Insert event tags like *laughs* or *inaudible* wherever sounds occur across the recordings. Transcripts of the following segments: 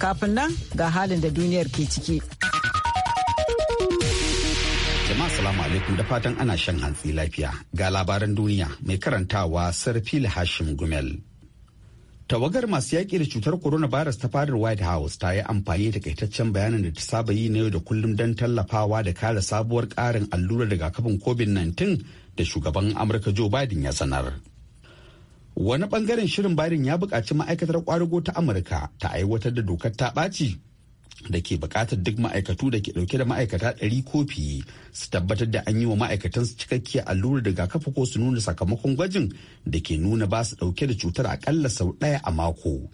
Kafin nan ga halin da duniyar ke ciki. Jama'a salamu alaikum da fatan ana shan hantsi lafiya ga labaran duniya mai karantawa Phil Hashim Gumel. Tawagar masu yaƙi da cutar corona virus ta fadar White House ta yi amfani da kaitaccen bayanin da ta saba yi na yau da kullum don tallafawa da kare sabuwar ƙarin allurar rigakafin COVID-19 da shugaban Amurka Joe Biden ya sanar. wani bangaren shirin biden ya buƙaci ma'aikatar kwarigo ta amurka ta aiwatar da dokar ta ɓaci da ke buƙatar duk ma'aikatu da ke ɗauke da ma'aikata ɗari ko fiye su tabbatar da an yi wa ma'aikatan su cikakkiyar allurar rigakafi ko su nuna sakamakon gwajin da ke nuna ba su ɗauke da cutar aƙalla sau ɗaya a mako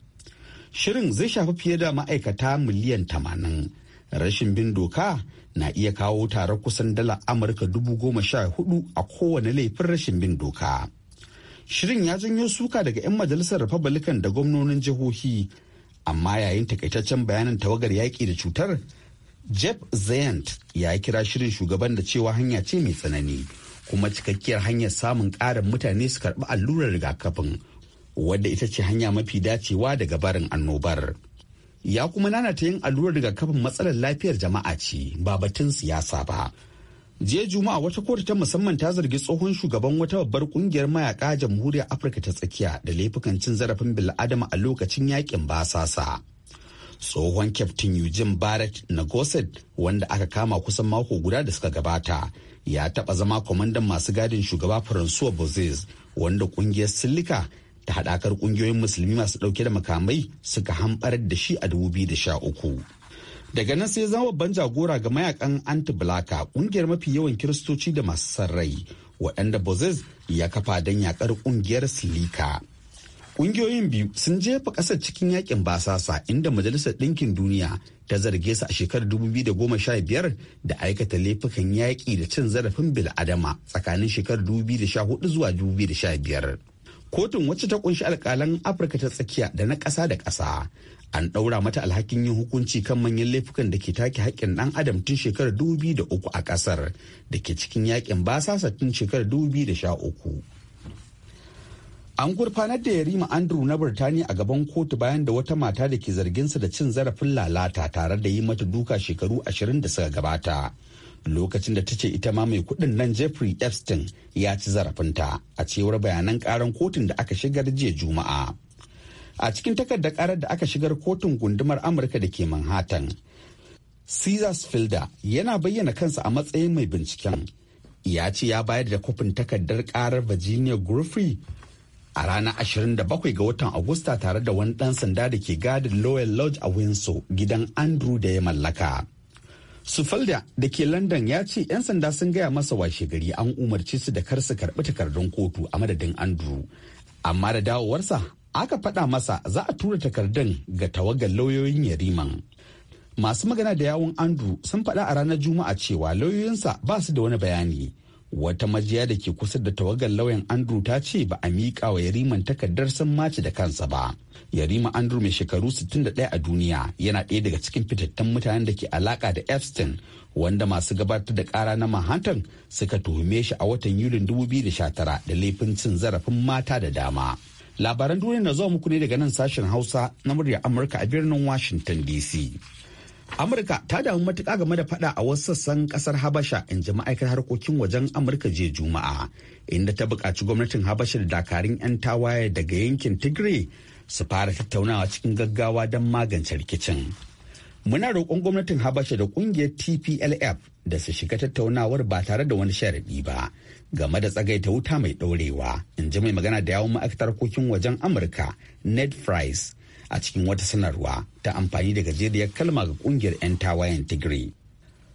shirin zai shafi fiye da ma'aikata miliyan tamanin rashin bin doka na iya kawo tare kusan dala amurka dubu goma sha hudu a kowane laifin rashin bin doka shirin ya janyo suka daga 'yan majalisar republican da gwamnonin jihohi amma yayin takaitaccen bayanin tawagar yaƙi da cutar jeff zayant ya kira shirin shugaban da cewa hanya ce mai tsanani kuma cikakkiyar hanyar samun ƙarin mutane su karɓi allurar rigakafin wadda ita ce hanya mafi dacewa daga barin annobar ya kuma nanata yin allurar rigakafin matsalar lafiyar jama'a ce ba batun siyasa ba jiya juma'a wata kotu ta musamman ta zargi tsohon shugaban wata babbar kungiyar mayaka jamhuriyar afirka ta tsakiya da laifukan cin zarafin bil'adama a lokacin yakin basasa tsohon kyaftin eugene barrett gosset wanda aka kama kusan mako guda da suka gabata ya taba zama kwamandan masu gadin shugaba faransuwa bozes wanda kungiyar silika ta hadakar kungiyoyin musulmi masu dauke da makamai suka hamɓarar da shi a 2013 daga nan sai zama babban jagora ga mayakan anti-blaka kungiyar mafi yawan kiristoci da masu sarrai waɗanda bozes ya kafa don yakar kungiyar silika kungiyoyin biyu sun jefa ƙasar cikin yakin basasa inda majalisar ɗinkin duniya ta zarge su a shekarar 2015 da aikata laifukan yaƙi da cin zarafin bil'adama tsakanin shekarar 2014 zuwa 2015 kotun wacce ta kunshi alkalan afirka ta tsakiya da na ƙasa da ƙasa an ɗaura mata alhakin yin hukunci kan manyan laifukan da ke take haƙƙin ɗan adam tun shekarar da uku a ƙasar da ke cikin yakin basasa tun sha uku. an gurfanar da yarima andrew na birtaniya a gaban kotu bayan da wata mata da ke zarginsa da cin zarafin lalata tare da yi mata duka shekaru ashirin da suka gabata lokacin da ta ce ita ma mai kudin nan jeffrey epstein ya ci zarafinta a cewar bayanan karan kotun da aka shigar jiya juma'a a cikin takardar karar da aka shigar kotun gundumar amurka da ke manhattan caesars filda yana bayyana kansa a matsayin mai binciken ya ce ya bayar da kofin takardar karar virginia griffey a ranar 27 ga watan agusta tare da wani dan sanda da ke gadin lowell lodge a windsor gidan andrew da ya mallaka Sufalda da ke London ya ce 'yan sanda sun gaya masa washe gari an umarci su da kar su karɓi takardun kotu a madadin Andrew. Amma da dawowarsa aka faɗa masa za a tura takardun ga tawagar lauyoyin Yariman. Masu magana da yawun Andrew sun faɗa a ranar Juma'a cewa lauyoyinsa ba su da wani bayani. wata majiya da ke kusa da tawagar lauyan andrew ta ce ba a miƙa wa yariman takardar san maci da kansa ba yarima andrew mai shekaru 61 a duniya yana ɗaya daga cikin fitattun mutanen da ke alaka da epstein wanda masu gabatar da ƙara na manhattan suka tuhume shi a watan yulin 2019 da laifin cin zarafin mata da dama labaran duniya na zuwa muku ne daga nan sashen hausa na muryar amurka a birnin washington dc amurka ta damu matuƙa game da fada a wasu sassan ƙasar habasha in ji ma'aikatar harkokin wajen amurka jiya juma'a inda ta buƙaci gwamnatin habasha da dakarun 'yan tawaye daga yankin tigray su fara tattaunawa cikin gaggawa don magance rikicin muna roƙon gwamnatin habasha da ƙungiyar tplf da su shiga tattaunawar ba tare da wani sharaɗi ba game da tsagaita wuta mai ɗorewa in ji mai magana da yawon ma'aikatar harkokin wajen amurka ned price a cikin wata sanarwa ta amfani da gajeriyar kalma ga kungiyar 'yan tawayen tigray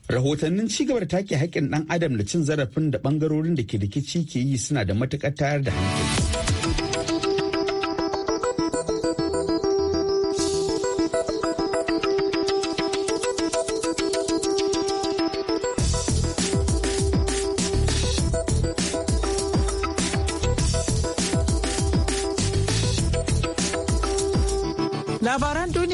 rahotannin cigaba da take haƙƙin ɗan adam da cin zarafin da ɓangarorin da ke rikici ke yi suna da matuƙar tayar da hankali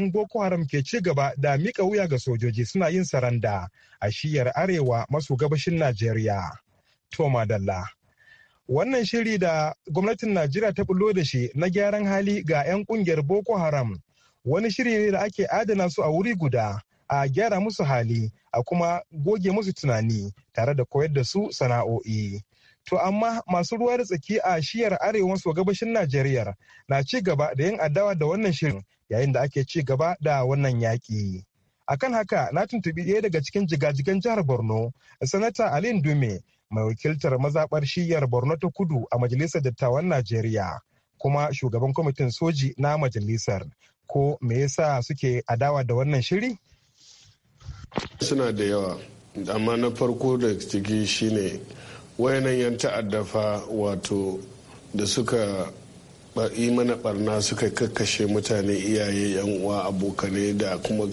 'yan boko haram ke ci gaba da mika wuya ga sojoji suna yin saranda a shiyar arewa maso gabashin najeriya toma dalla wannan shiri da gwamnatin najeriya ta bullo da shi na gyaran hali ga 'yan kungiyar boko haram wani shiri ne da ake adana su a wuri guda a gyara musu hali a kuma goge musu tunani tare da koyar da su sana'o'i to amma masu ruwa da tsaki a shiyar arewa maso gabashin najeriya na ci gaba da yin adawa da wannan shirin yayin da ake ci gaba da wannan yaƙi. akan haka na tuntubi ɗaya daga cikin jigajigan jihar borno sanata alin dume mai wakiltar mazaɓar shiyar borno ta kudu a majalisar dattawan najeriya kuma shugaban kwamitin soji na majalisar ko me yasa suke adawa da wannan shiri suna da yawa amma na farko da ciki shine wayanan yan ta'addafa wato da suka yi mana barna suka kakkashe mutane iyaye yan uwa abokanai da kuma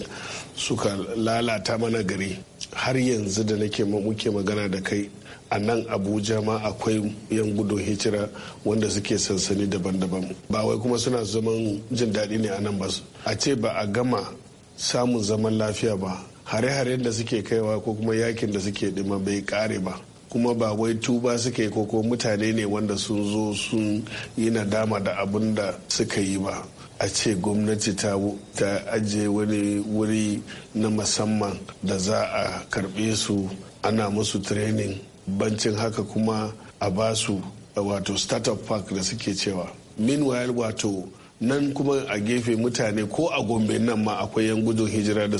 suka lalata mana gari har yanzu da nake muke magana da kai a nan abuja ma akwai yan gudu hijira wanda suke sansani daban-daban ba wai kuma suna zaman jin daɗi ne a nan ba a ce ba a gama samun zaman lafiya ba hare-haren da suke kaiwa ko kuma yakin da suke dima bai kare ba kuma ba wai tuba suke ko ko mutane ne wanda sun zo sun yi nadama da abin da suka yi ba a ce gwamnati ta ajiye wani wuri na musamman da za a karbe su ana musu training bancin haka kuma a ba a wato startup park da suke cewa meanwhile wato nan kuma a gefe mutane ko a gombe nan ma akwai yan gudun hijira da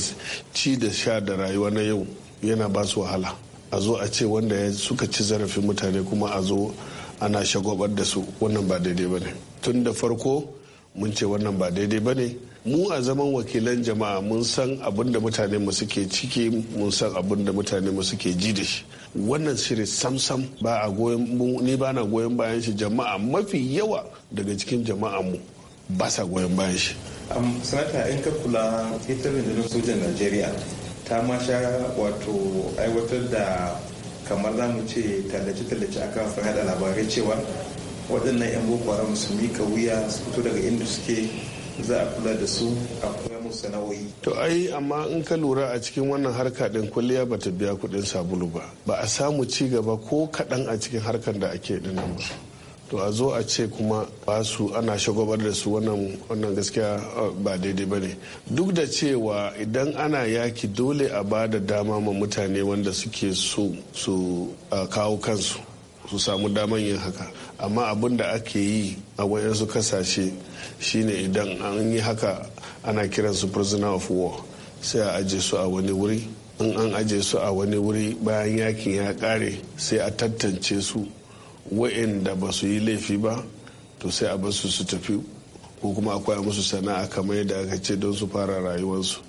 ci da sha da rayuwa na yau yana ba su wahala a zo a ce wanda ya suka ci zarafin mutane kuma a zo ana shagobar da su wannan ba daidai ba ne tun da farko mun ce wannan ba daidai ba ne mu a zaman wakilan jama'a mun san abin da mutane mu suke ciki mun san abin da mutane mu suke ji da shi wannan shiri samsam ba a goyon ni ba na goyon bayan shi jama'a mafi yawa daga cikin jama'a mu ba sa goyon bayan shi sanata in ka kula ita rundunar sojan najeriya ta ma sha wato aiwatar da kamar za mu ce tallace-tallace a kafin yada labarai cewa waɗannan 'yan boko haram su mika wuya su fito daga inda suke za a kula da su a koya musu sana'o'i. To ai amma in ka lura a cikin wannan harka ɗin kwalliya ba ta biya kuɗin sabulu ba ba a samu ci gaba ko kaɗan a cikin harkar da ake ɗin ba. to a zo a ce kuma ba su ana shagabar da su wannan gaskiya ba daidai ba ne duk da cewa idan ana yaki dole a ba da dama ma mutane wanda suke so su kawo kansu su samu daman yin haka amma abin da ake yi a wayansu kasashe shine idan an yi haka ana kiran su prisoner of war sai a aje su a wani wuri in an aje su a wani wuri bayan yakin ya kare sai a tantance su wa'inda ba su yi laifi ba to sai a basu su tafi ko kuma a koya musu sana'a kamar yadda aka ce don su fara rayuwarsu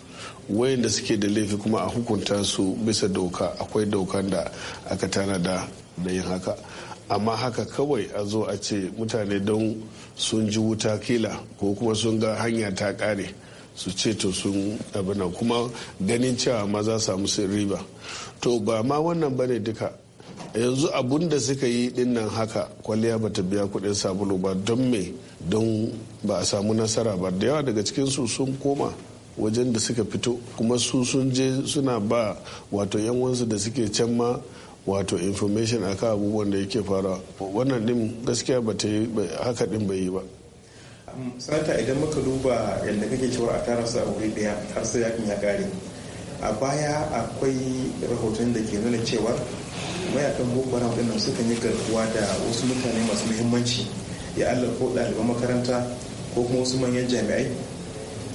wayanda suke da laifi kuma a hukunta su bisa doka akwai dokan da aka tanada da yin haka amma haka kawai a zo a ce mutane don sun ji wuta kila ko kuma sun ga hanya ta kare su ce to sun abin kuma ganin cewa ma za samu riba to ba ma wannan bane duka yanzu abun da suka yi dinnan haka kwalliya ba ta biya kuɗin sabulu ba don me don ba a samu nasara ba da yawa daga su sun koma wajen da suka fito kuma su sun je suna ba wato yan wansu da suke can ma wato information a akan abubuwan da yake fara wannan din gaskiya ba ta yi haka din bai yi ba sata idan muka duba yadda kake cewa a tara su a wuri daya har sai yakin ya kare a baya akwai rahoton da ke nuna cewa mayakan boko haram din sukan yi garkuwa da wasu mutane masu muhimmanci ya allah ko ɗaliban makaranta ko kuma wasu manyan jami'ai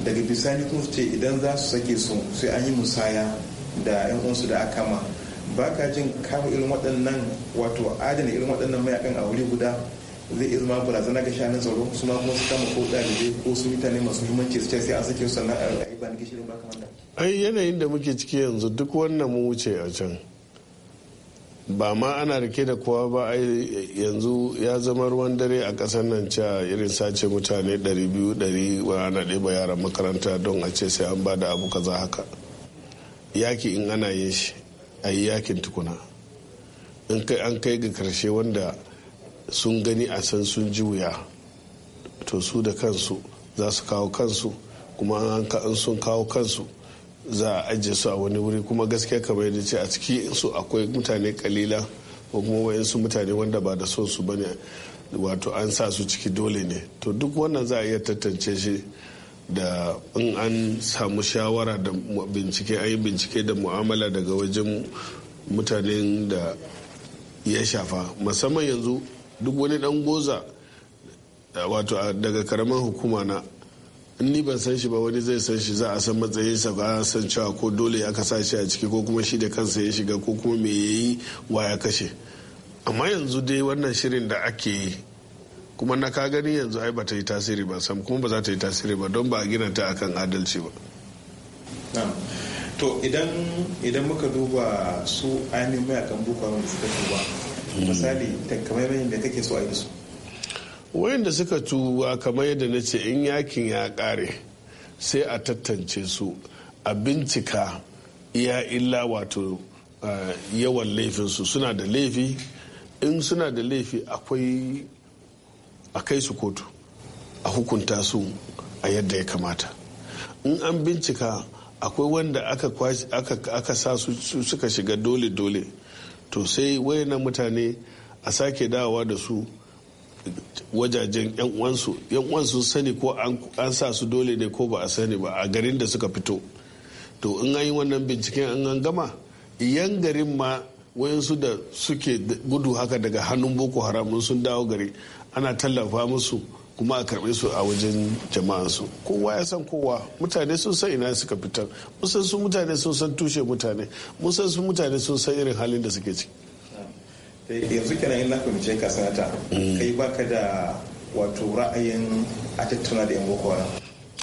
daga bisani kuma su ce idan za su sake su sai an yi musaya da yan uwansu da aka ma ba ka jin kama irin waɗannan wato adana irin waɗannan mayakan a wuri guda zai iya zama barazana ga shanun tsaro su ma kuma su kama ko ɗalibai ko su mutane masu muhimmanci su ce sai an sake su sannan a yi ba ni gishiri ba kamar da. ai yanayin da muke ciki yanzu duk wannan mu wuce a can ba ma ana rike da kowa ba yanzu ya zama ruwan dare a kasar nan cewa irin sace mutane 200 200 wa ana ɗeba yaran makaranta don a ce sai an ba da abu kaza haka yaki in ana yin shi a yi yakin tukuna in kai an kai ga karshe wanda sun gani a san sun ji wuya to su da kansu za su kawo kansu kuma an sun kawo kansu za a ajiye su a wani wuri kuma gaskiya kamar yadda ce a ciki su akwai mutane kalila ko kuma wayansu mutane wanda ba da son su bane wato an sa su ciki dole ne to duk wannan za a iya tantance shi da in an samu shawara da bincike an yi bincike da mu'amala daga wajen mutanen da ya shafa musamman yanzu duk wani dan goza wato daga karamin hukuma na in ni ban san shi ba wani zai san shi za a san matsayin sa ba san cewa ko dole ya kasa shi a ciki ko kuma shi da kansa ya shiga ko kuma me ya yi wa ya kashe amma yanzu dai wannan shirin da ake yi kuma na ka gani yanzu ai ba ta yi tasiri ba sam kuma ba za ta yi tasiri ba don ba a gina ta akan adalci ba to idan idan muka duba su ainihin mayakan boko haram da suka tuba hmm. misali takamaimai da kake so a yi su wayanda suka tuwa kamar yadda na ce in yakin ya kare sai a tattance su a bincika ya illa wato yawan laifinsu suna da laifi in suna da laifi akwai a kai su kotu a hukunta su a yadda ya kamata in an bincika akwai wanda aka, sa su suka shiga dole-dole to sai wayannan mutane a sake dawowa da su wajajen yan uwansu yan uwansu sani ko an sa su dole ne ko ba a sani ba a garin da suka fito to in an yi wannan binciken an an gama yan garin ma wayansu da suke gudu haka daga hannun boko haram sun dawo gari ana tallafa musu kuma a karbe su a wajen jama'ansu kowa ya san kowa mutane sun san ina suka fitar musan su mutane sun san tushe mutane musan su mutane sun san irin halin da suke ciki Eh, yanzu kenan in na fahimce ka sanata mm. kai baka da wato ra'ayin a tattauna da yan boko haram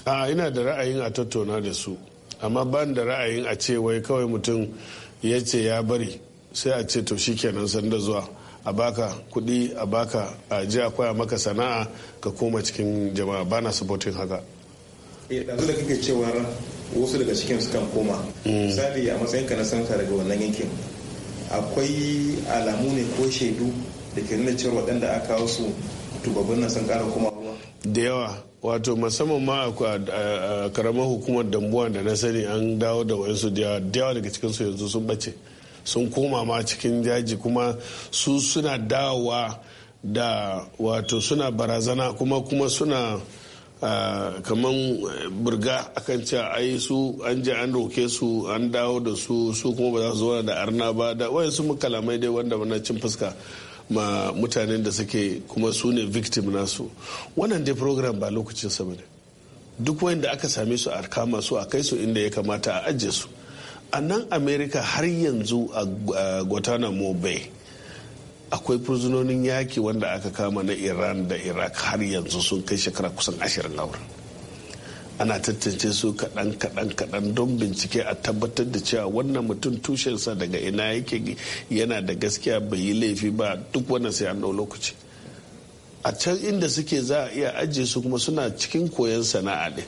a ina da ra'ayin a tattauna da su amma ban da ra'ayin a ce wai kawai mutum ya ce ya bari sai a ce to shi kenan sanda zuwa a baka kuɗi a baka a ji a koya maka sana'a ka koma cikin jama'a bana supporting haka yanzu eh, da kake cewa wasu daga cikin su kan koma mm. misali a matsayin ka na sanata daga wannan yankin akwai alamu ne ko shaidu da ke nuna cewa waɗanda aka kawo su tubabin nan sun ƙara kuma ruwa da yawa wato musamman ma a karamar hukumar dambuwa da na sani an dawo da wayansu da yawa daga cikinsu yanzu sun bace sun koma ma cikin daji kuma su suna dawowa da wato suna barazana kuma kuma suna kamar eh, burga akan cewa ai su an je an roke su an dawo da su su kuma ba za su zo da arna ba da wayansu kalamai dai wanda muna cin fuska ma mutanen da suke kuma su ne victim nasu wannan dai program ba lokacin sa bane duk wanda aka same su a kama su a kai su inda ya kamata a ajiye su a nan america har yanzu a guantanamo bay akwai fursunonin yaki wanda aka kama na iran da iraq har yanzu sun kai shekara kusan ashirin a wurin ana tantance su kaɗan kaɗan kaɗan don bincike a tabbatar da cewa wannan mutum tushensa daga ina yake yana da gaskiya bai yi laifi ba duk wannan sai an ɗau lokaci a can inda suke za a iya ajiye su kuma suna cikin koyon sana'a ne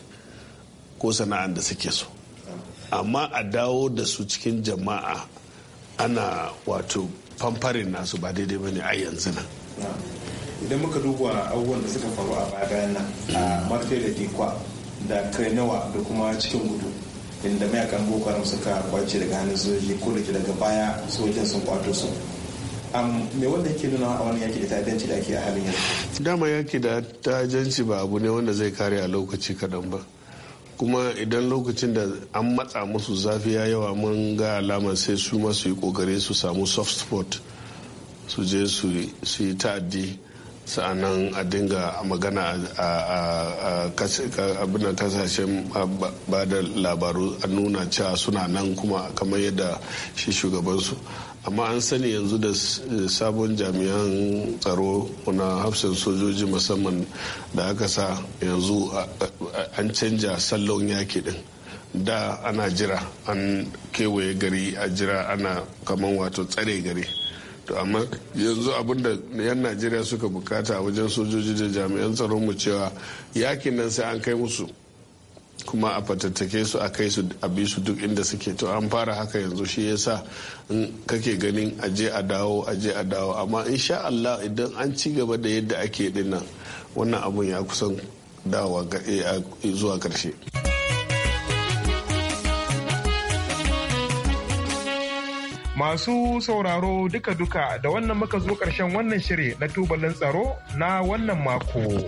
ko sana'an da suke so amma a dawo da su cikin jama'a ana wato famfarin nasu ba daidai ba ne a yanzu nan idan muka duba abubuwan da suka faru a baya bayan nan a martai da dikwa da nawa da kuma cikin gudu inda mayakan boko haram suka kwace daga hannun sojoji ko da ke daga baya sojojin sun kwato su me wanda ke nuna a wani yaki da ta'addanci da ake a halin yanzu dama yaki da ta'addanci ba abu ne wanda zai kare a lokaci kaɗan ba kuma idan lokacin da an matsa musu zafi ya yawa mun ga alama sai su ma su yi kokare su samu soft spot su je su yi ta'addi sa'anan a dinga magana a abin kasashen ba da labaru a nuna cewa suna nan kuma kamar yadda shi shugabansu amma an sani yanzu da eh, sabon jami'an tsaro na hafsan sojoji musamman da aka sa yanzu an canja sallon yaki din da ana jira an kewaye gari a jira ana kaman wato tsare gari to amma yanzu abinda yan najeriya suka bukata wajen sojoji da jami'an tsaron mu cewa yakin nan sai an kai musu kuma a fatattake su a kai su a bi su duk inda suke to an fara haka yanzu shi yasa in kake ganin aje a dawo aje a dawo amma insha Allah idan an ci gaba da yadda ake dinnan wannan abun ya kusan dawa eh, zuwa karshe. Masu sauraro duka-duka da wannan muka zo karshen wannan shiri na tubalin tsaro na wannan mako.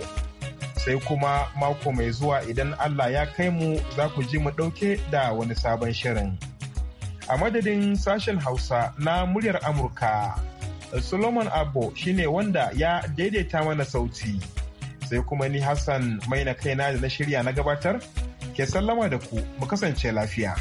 sai kuma mako mai zuwa idan Allah ya kai mu za ku ji mu ɗauke da wani sabon shirin. A madadin sashen Hausa na muryar Amurka, Solomon Abbo shine wanda ya daidaita mana sauti. Sai kuma ni Hassan mai na kaina da na shirya na gabatar, ke sallama da ku mu kasance lafiya.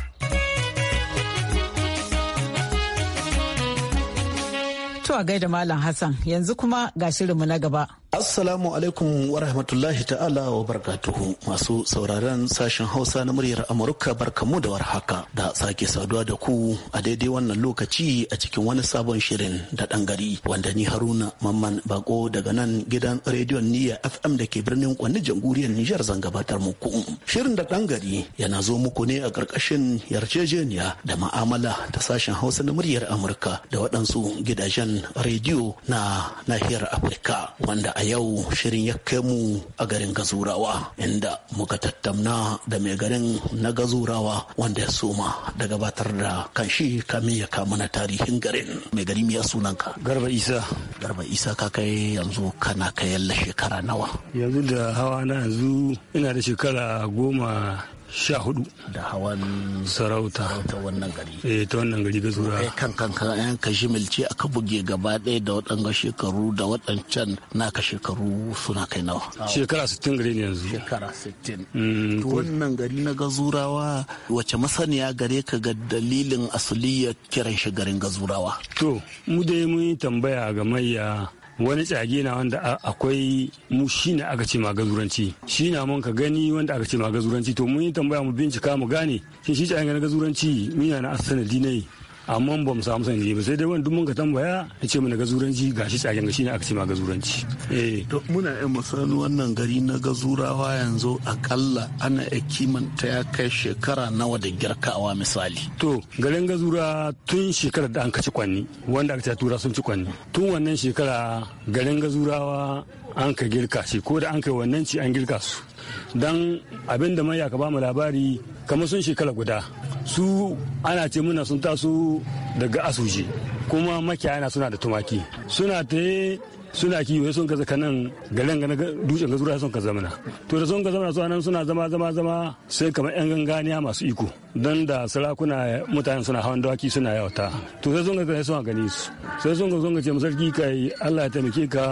a gaida Malam Hassan yanzu kuma ga shirinmu na gaba. Assalamu alaikum wa rahmatullahi ta'ala wa barakatuhu masu sauraron sashen Hausa na muryar Amurka barkamu da warhaka da sake saduwa da ku a daidai wannan lokaci a cikin wani sabon shirin da ɗan gari wanda ni Haruna Mamman Bako daga nan gidan rediyon Niyya FM da ke birnin kwani jamhuriyar Nijar zan gabatar muku. Shirin da ɗan gari yana zo muku ne a ƙarƙashin yarjejeniya da ma'amala ta sashen Hausa na muryar Amurka da waɗansu gidajen rediyo na nahiyar afirka wanda a yau shirin ya kai mu a garin gazurawa inda muka tattauna da mai garin na gazurawa wanda ya soma da gabatar da kan shi kamin ya kama na tarihin garin mai gari ya sunanka garba isa garba isa ka kai yanzu kana kayan shekara nawa yanzu da hawa na yanzu ina da shekara goma sha hudu da hawan sarauta ta wannan gari eh ta wannan gari ga zura eh kan kan kan an kashi milci aka buge gaba ɗaya da waɗanga shekaru da waɗancan naka shekaru suna kai nawa shekara 60 gari ne yanzu shekara 60 mm, wannan gari na gazurawa wace masaniya gare ka ga dalilin asuliyar kiran shi garin gazurawa to mu dai mun tambaya ga mayya wani tsage na wanda akwai mu shi ne aka ce magazuranci shi na mun ka gani wanda aka ce magazuranci to mun yi tambaya mu bincika mu gane shi shi tsage na gazuranci mina na asanadi ne amma ba mu samu sani ba sai dai wani duk mun ka tambaya ya ce mana gazuranci gashi tsagen gashi ne aka ce ma gazuranci eh to muna yin musan wannan gari na gazurawa yanzu akalla ana ya kimanta ya kai shekara nawa da girkawa misali to garin gazura tun shekarar da an kaci kwanni wanda aka ce tura sun ci kwanni tun wannan shekara garin gazurawa an ka girka shi ko da an kai wannan ci an girka su don abin da manya ka bamu labari kamar sun shekara guda su ana ce muna sun taso daga asuji kuma makiyana suna da tumaki suna ta suna kiwo sun ka zaka nan garin ga dutsen ga zura sun ka zamana to da sun ka zamana suna nan suna zama zama zama sai kamar yan ganganiya masu iko dan da sarakuna mutanen suna hawan dawaki suna yawata to sai sun ka sun gani su sai sun ka sun ga ce masarki kai Allah ya taimake ka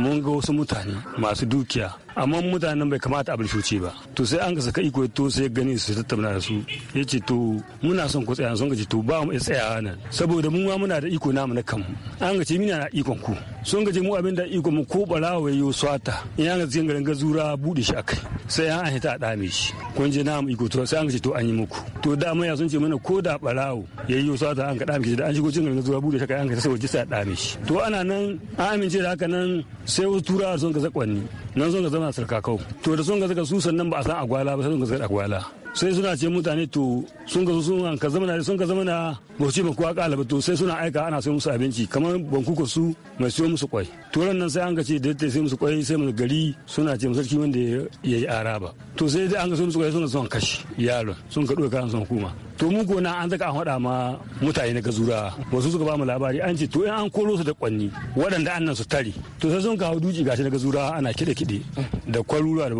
mun ga wasu mutane masu dukiya amma mutanen bai kamata a shuce ba to sai an ka saka iko to sai gani su tattauna da su ya ce to muna son ku tsaya sun ka ce to ba mu tsaya nan saboda mu ma muna da iko namu na kanmu an ga ce mina na ikon ku sun ga ce mu abin da iko mu ko barawa yo swata in an ga cikin garin gazura bude shi akai sai an ahita a dame shi kun ji namu iko to sai an ga ce to an yi muku to da ya sun ce mana ko da barawo yayi yo swata an ga dame shi da an shigo cikin garin gazura bude shi akai an ka sai waje sai a dame shi to ana nan an amince da haka nan sai wasu turawa sun ka zakwanni nan sun ka suna sarkakau to da sun ga suka su sannan ba a san agwala ba sai sun ga agwala sai suna ce mutane to sun ga sun ka na sun ka zamana ba ce ko aka to sai suna aika ana sai musu abinci kamar bankuka su mai siyo musu kwai turan nan sai an ka ce da sai musu kwai sai mu gari suna ce sarki wanda ya yi araba to sai dai an ga sun musu kwai suna son kashi yaro sun ka duka kan son kuma to mu gona an zaka an hada ma mutane na gazura wasu suka ba mu labari an ce to in an koro su da kwanni waɗanda annan su tare to sai sun kawo duci gashi na gazura ana kide kide da kwaruruwa da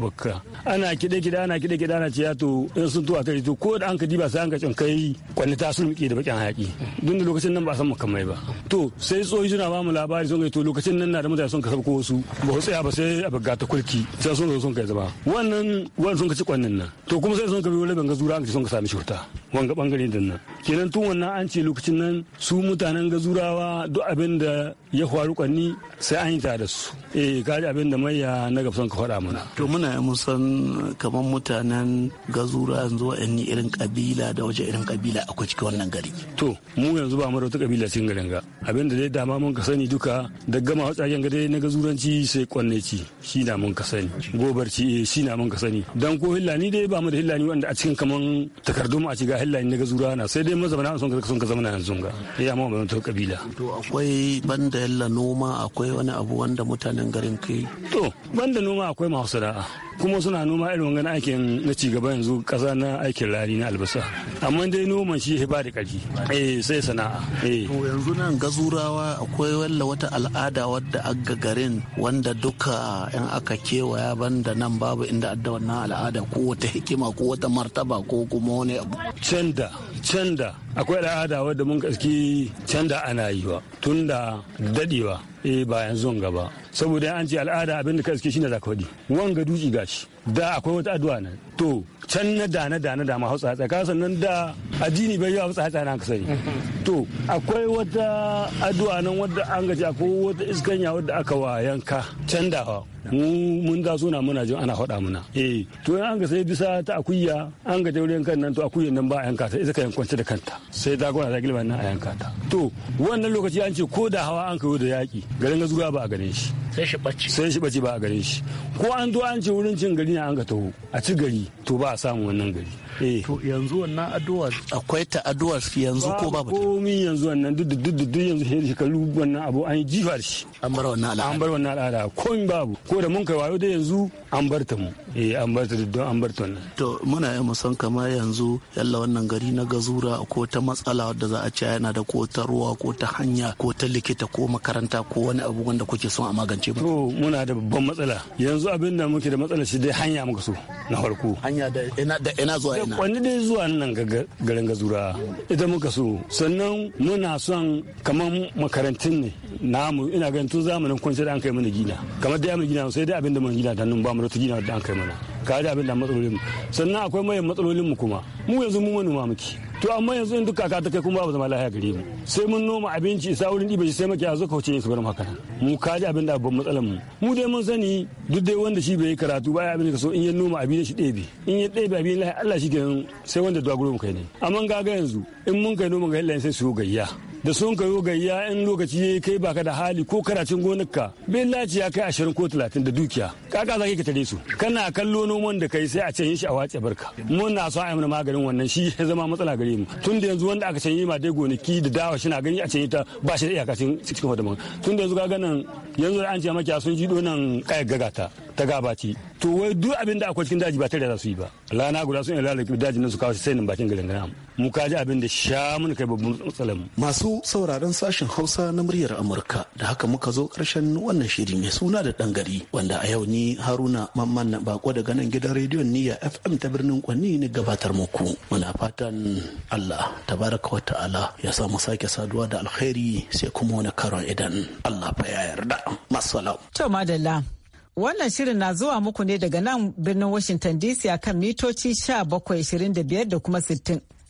bakuka ana kide kide ana kide kide ana ce ciya to in sun to a tare to ko da an ka diba sai an ka cin kai kwanne ta sun da bakin hayaki don da lokacin nan ba a san makamai ba to sai tsohi suna ba mu labari sun kai to lokacin nan na da mutane sun ka sabko wasu ba su tsaya ba sai a buga ta kulki sai sun zo sun kai zaba wannan wannan sun ka ci kwannin nan to kuma sai sun ka bi wani ga zura an ka sun ka sami shurta wanga bangare din nan kenan tun wannan an ce lokacin nan su mutanen gazurawa duk abin da ya faru kwanni sai an yi ta da su eh gari abin da maiya na gafsan ka faɗa mana to muna yi musan kamar mutanen gazura yanzu wa'anni irin kabila da waje irin kabila akwai cikin wannan gari to mu yanzu ba mu da wata kabila cikin garin ga abin da dai dama mun ka sani duka da gama hatsagen ga dai na gazuranci sai kwanne ci shi na mun ka sani gobarci eh, shi na mun ka sani dan ko hillani dai ba mu da hillani wanda a cikin kaman takardun a ci ga hillani na gazura na sai dai mazauna sun ka sun ka zamana yanzu ga ya amma ba mu ta kabila to akwai banda yalla noma akwai wani abu wanda mutanen garin kai to banda noma akwai masu da'a kuma suna noma irin wangan aikin na cigaba yanzu kasa na aikin rani na albasa amma dai noman shi ya ba da ƙarfi eh sai sana'a eh yanzu nan gazurawa akwai walla wata al'ada wadda agga garin wanda duka in aka kewaya banda nan babu inda adda wannan al'ada ko wata hikima ko wata martaba ko kuma wani abu canda canda akwai al'ada wadda mun kaski can da ana yi wa tun da dadewa eh ba yanzu gaba saboda an ce al'ada abin da kaski shine zakodi wanga duki gashi da akwai wata addu'a nan to can na da na da na da ma hausa tsaka sannan da addini bai yawa tsaka na ka sani *laughs* to akwai wata addu'a nan wadda an gaji akwai wata iskanya wadda aka wa yanka can da mun da suna muna jin ana hoda muna eh to an ga sai bisa ta akuya an ga jauren kan nan to akuya nan ba yanka ta ita kan kwance da kanta sai ta kwana ta gilba na a yanka ta to wannan lokaci an ce ko da hawa an kawo da yaƙi garin zuwa ba a gare shi sai shi ɓace sai shi ɓace ba a gare shi ko an zo an ce wurin cin gari ne an ka taho a ci gari to ba a samu wannan gari eh. to yanzu wannan addu'a akwai ta addu'ar yanzu ko babu komi yanzu wannan duk duk duk yanzu shekaru wannan abu an yi jifa shi an bar wannan al'ada an bar wannan al'ada komi babu ko da mun kai wayo da yanzu an bar ta mu eh an bar ta don an bar ta wannan to muna yi musan kamar yanzu yalla wannan gari na gazura ko wata matsala wadda za a ce yana da ko ta ruwa ko ta hanya ko ta likita ko makaranta ko wani abu wanda kuke son a magance ba. To muna da babban matsala yanzu abin da muke da matsala shi dai hanya muka so na farko. Hanya da ina da ina zuwa ina. Wani dai zuwa nan garin gazura ita muka so sannan muna son kamar makarantun ne namu ina ganin tun zamanin kwanciyar an kai mana gina kamar dai mu gina sai dai abin da mun gina da nan ba mu da gina da an kai mana. ka da abin da matsalolin mu sannan akwai mayan matsalolin mu kuma mu yanzu mu manoma muke to amma yanzu in duk kaka ta kai kuma babu zama lafiya gare mu sai mun noma abinci isa wurin ɗiba shi sai maki a zuka wuce su bar haka mu ka ji abin da babban matsalar mu mu dai mun sani duk dai wanda shi bai yi karatu ba ya abin da so in ya noma abin shi ɗebe in ya ɗebe abin lafiya Allah shi ke sai wanda dogaro mu kai ne amma ga yanzu in mun kai noma ga Allah sai su gayya da sun kayo gayya in lokaci ya kai baka da hali ko karacin gonarka bin laci ya kai ashirin ko talatin da dukiya kaka za ka tare su kana kallo noman da kai sai a canyi shi a wace barka mun na so a yi mana maganin wannan shi ya zama matsala gare mu tun da yanzu wanda aka canyi ma dai gonaki da dawa shi na gani a canyi ta ba shi da iyakacin cikin fadaman tun da yanzu ga ganin yanzu an ce maka sun ji donan kayan gagata ta gabaci to wai duk abin da akwai cikin daji ba tare da za su yi ba lana guda sun yi lalaki na su kawo sai nan bakin garin gana mu ka ji abin da sha mun kai babban matsalar Masu sauraron sashen Hausa na muryar Amurka da haka muka zo karshen wannan shiri mai suna da ɗan gari wanda a yau ni Haruna Mamman na Bako daga nan gidan rediyon Niyya FM ta birnin Kwanni ne gabatar muku. Muna fatan Allah tabaraka wa ta'ala ya sa mu sake saduwa da alkhairi sai kuma wani karon idan Allah fa ya yarda. masalau. To madalla. Wannan shirin na zuwa muku ne daga nan birnin Washington DC a kan mitoci 1725 da kuma 60.